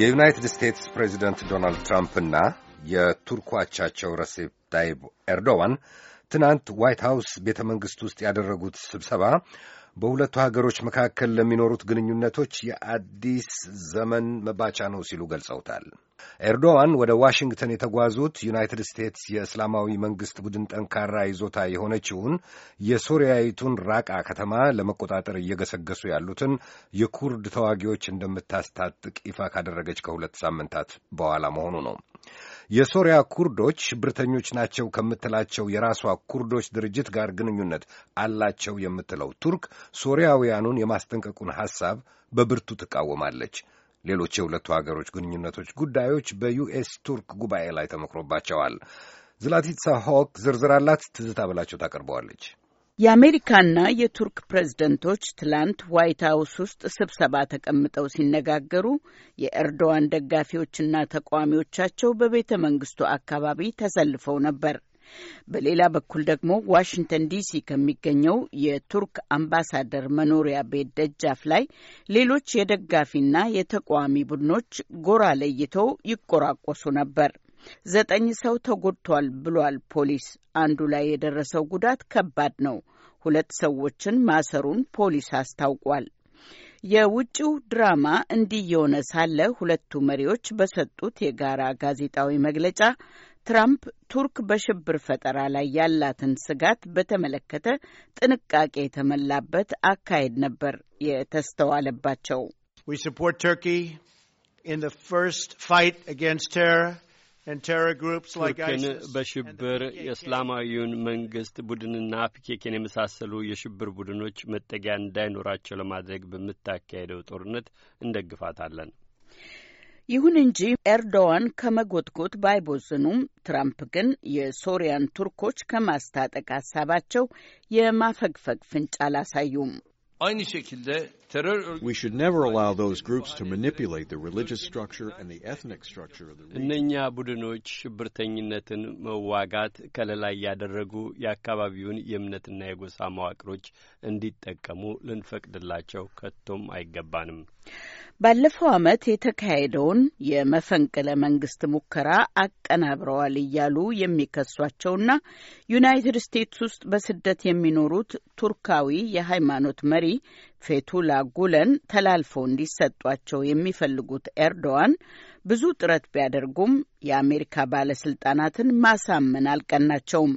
የዩናይትድ ስቴትስ ፕሬዚደንት ዶናልድ ትራምፕና የቱርኩ አቻቸው ረሴፕ ታይብ ኤርዶዋን ትናንት ዋይት ሃውስ ቤተ መንግሥት ውስጥ ያደረጉት ስብሰባ በሁለቱ ሀገሮች መካከል ለሚኖሩት ግንኙነቶች የአዲስ ዘመን መባቻ ነው ሲሉ ገልጸውታል። ኤርዶዋን ወደ ዋሽንግተን የተጓዙት ዩናይትድ ስቴትስ የእስላማዊ መንግሥት ቡድን ጠንካራ ይዞታ የሆነችውን የሶሪያዊቱን ራቃ ከተማ ለመቆጣጠር እየገሰገሱ ያሉትን የኩርድ ተዋጊዎች እንደምታስታጥቅ ይፋ ካደረገች ከሁለት ሳምንታት በኋላ መሆኑ ነው። የሶሪያ ኩርዶች ሽብርተኞች ናቸው ከምትላቸው የራሷ ኩርዶች ድርጅት ጋር ግንኙነት አላቸው የምትለው ቱርክ ሶሪያውያኑን የማስጠንቀቁን ሐሳብ በብርቱ ትቃወማለች። ሌሎች የሁለቱ አገሮች ግንኙነቶች ጉዳዮች በዩኤስ ቱርክ ጉባኤ ላይ ተመክሮባቸዋል። ዝላቲትሳ ሆክ ዝርዝር አላት። ትዝታ በላቸው ታቀርበዋለች። የአሜሪካና የቱርክ ፕሬዝደንቶች ትላንት ዋይት ሀውስ ውስጥ ስብሰባ ተቀምጠው ሲነጋገሩ የኤርዶዋን ደጋፊዎችና ተቃዋሚዎቻቸው በቤተ መንግስቱ አካባቢ ተሰልፈው ነበር። በሌላ በኩል ደግሞ ዋሽንግተን ዲሲ ከሚገኘው የቱርክ አምባሳደር መኖሪያ ቤት ደጃፍ ላይ ሌሎች የደጋፊና የተቃዋሚ ቡድኖች ጎራ ለይተው ይቆራቆሱ ነበር። ዘጠኝ ሰው ተጎድቷል ብሏል ፖሊስ። አንዱ ላይ የደረሰው ጉዳት ከባድ ነው። ሁለት ሰዎችን ማሰሩን ፖሊስ አስታውቋል። የውጭው ድራማ እንዲህ የሆነ ሳለ ሁለቱ መሪዎች በሰጡት የጋራ ጋዜጣዊ መግለጫ ትራምፕ ቱርክ በሽብር ፈጠራ ላይ ያላትን ስጋት በተመለከተ ጥንቃቄ የተሞላበት አካሄድ ነበር የተስተዋለባቸው። We support Turkey in the first fight against terror. ቱርክን በሽብር የእስላማዊውን መንግስት ቡድንና ፒኬኬን የመሳሰሉ የሽብር ቡድኖች መጠጊያ እንዳይኖራቸው ለማድረግ በምታካሄደው ጦርነት እንደግፋታለን። ይሁን እንጂ ኤርዶዋን ከመጎትጎት ባይቦዝኑም ትራምፕ ግን የሶሪያን ቱርኮች ከማስታጠቅ ሀሳባቸው የማፈግፈግ ፍንጭ አላሳዩም። አይን ሸኪልደ We should never allow those groups to manipulate the religious structure and the ethnic structure of the region. እነኛ ቡድኖች ሽብርተኝነትን መዋጋት ከለላ እያደረጉ የአካባቢውን የእምነትና የጎሳ መዋቅሮች እንዲጠቀሙ ልንፈቅድላቸው ከቶም አይገባንም። ባለፈው ዓመት የተካሄደውን የመፈንቅለ መንግስት ሙከራ አቀናብረዋል እያሉ የሚከሷቸውና ዩናይትድ ስቴትስ ውስጥ በስደት የሚኖሩት ቱርካዊ የሃይማኖት መሪ ፌቱላ ጉለን ተላልፈው እንዲሰጧቸው የሚፈልጉት ኤርዶዋን ብዙ ጥረት ቢያደርጉም የአሜሪካ ባለስልጣናትን ማሳመን አልቀናቸውም።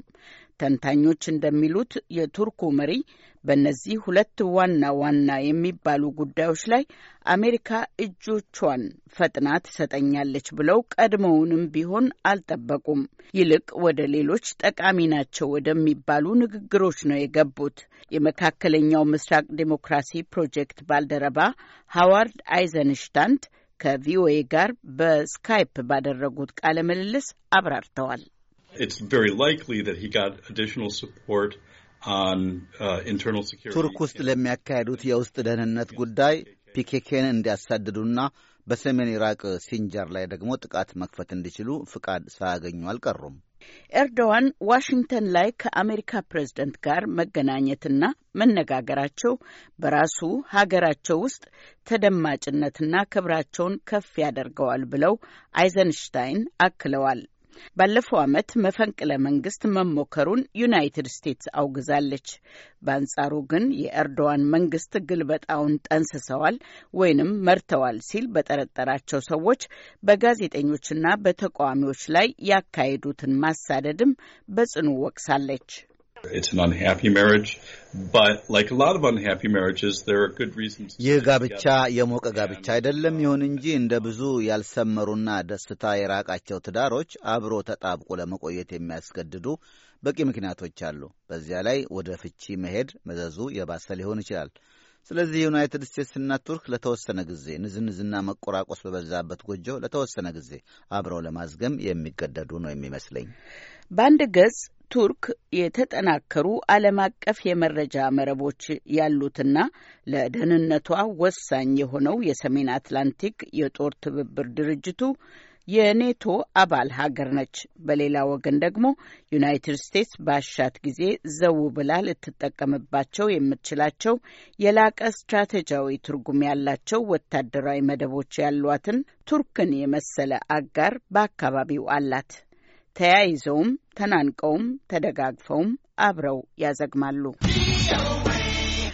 ተንታኞች እንደሚሉት የቱርኩ መሪ በእነዚህ ሁለት ዋና ዋና የሚባሉ ጉዳዮች ላይ አሜሪካ እጆቿን ፈጥና ትሰጠኛለች ብለው ቀድሞውንም ቢሆን አልጠበቁም። ይልቅ ወደ ሌሎች ጠቃሚ ናቸው ወደሚባሉ ንግግሮች ነው የገቡት። የመካከለኛው ምስራቅ ዴሞክራሲ ፕሮጀክት ባልደረባ ሃዋርድ አይዘንሽታንት ከቪኦኤ ጋር በስካይፕ ባደረጉት ቃለ ምልልስ አብራርተዋል። it's very likely that he got additional support on uh, internal security. ቱርክ ውስጥ ለሚያካሄዱት የውስጥ ደህንነት ጉዳይ ፒኬኬን እንዲያሳድዱና በሰሜን ኢራቅ ሲንጀር ላይ ደግሞ ጥቃት መክፈት እንዲችሉ ፍቃድ ሳያገኙ አልቀሩም። ኤርዶዋን ዋሽንግተን ላይ ከአሜሪካ ፕሬዝደንት ጋር መገናኘትና መነጋገራቸው በራሱ ሀገራቸው ውስጥ ተደማጭነትና ክብራቸውን ከፍ ያደርገዋል ብለው አይዘንሽታይን አክለዋል። ባለፈው ዓመት መፈንቅለ መንግስት መሞከሩን ዩናይትድ ስቴትስ አውግዛለች። በአንጻሩ ግን የኤርዶዋን መንግስት ግልበጣውን ጠንስሰዋል ወይንም መርተዋል ሲል በጠረጠራቸው ሰዎች በጋዜጠኞችና በተቃዋሚዎች ላይ ያካሄዱትን ማሳደድም በጽኑ ወቅሳለች። ይህ ጋብቻ የሞቀ ጋብቻ uh, አይደለም። ይሁን እንጂ እንደ ብዙ ያልሰመሩና ደስታ የራቃቸው ትዳሮች አብሮ ተጣብቆ ለመቆየት የሚያስገድዱ በቂ ምክንያቶች አሉ። በዚያ ላይ ወደ ፍቺ መሄድ መዘዙ የባሰ ሊሆን ይችላል። ስለዚህ ዩናይትድ ስቴትስና ቱርክ ለተወሰነ ጊዜ ንዝንዝና መቆራቆስ በበዛበት ጎጆ ለተወሰነ ጊዜ አብረው ለማዝገም የሚገደዱ ነው የሚመስለኝ። በአንድ ገጽ ቱርክ የተጠናከሩ ዓለም አቀፍ የመረጃ መረቦች ያሉትና ለደህንነቷ ወሳኝ የሆነው የሰሜን አትላንቲክ የጦር ትብብር ድርጅቱ የኔቶ አባል ሀገር ነች። በሌላ ወገን ደግሞ ዩናይትድ ስቴትስ ባሻት ጊዜ ዘው ብላ ልትጠቀምባቸው የምትችላቸው የላቀ ስትራቴጂያዊ ትርጉም ያላቸው ወታደራዊ መደቦች ያሏትን ቱርክን የመሰለ አጋር በአካባቢው አላት። ተያይዘውም ተናንቀውም ተደጋግፈውም አብረው ያዘግማሉ።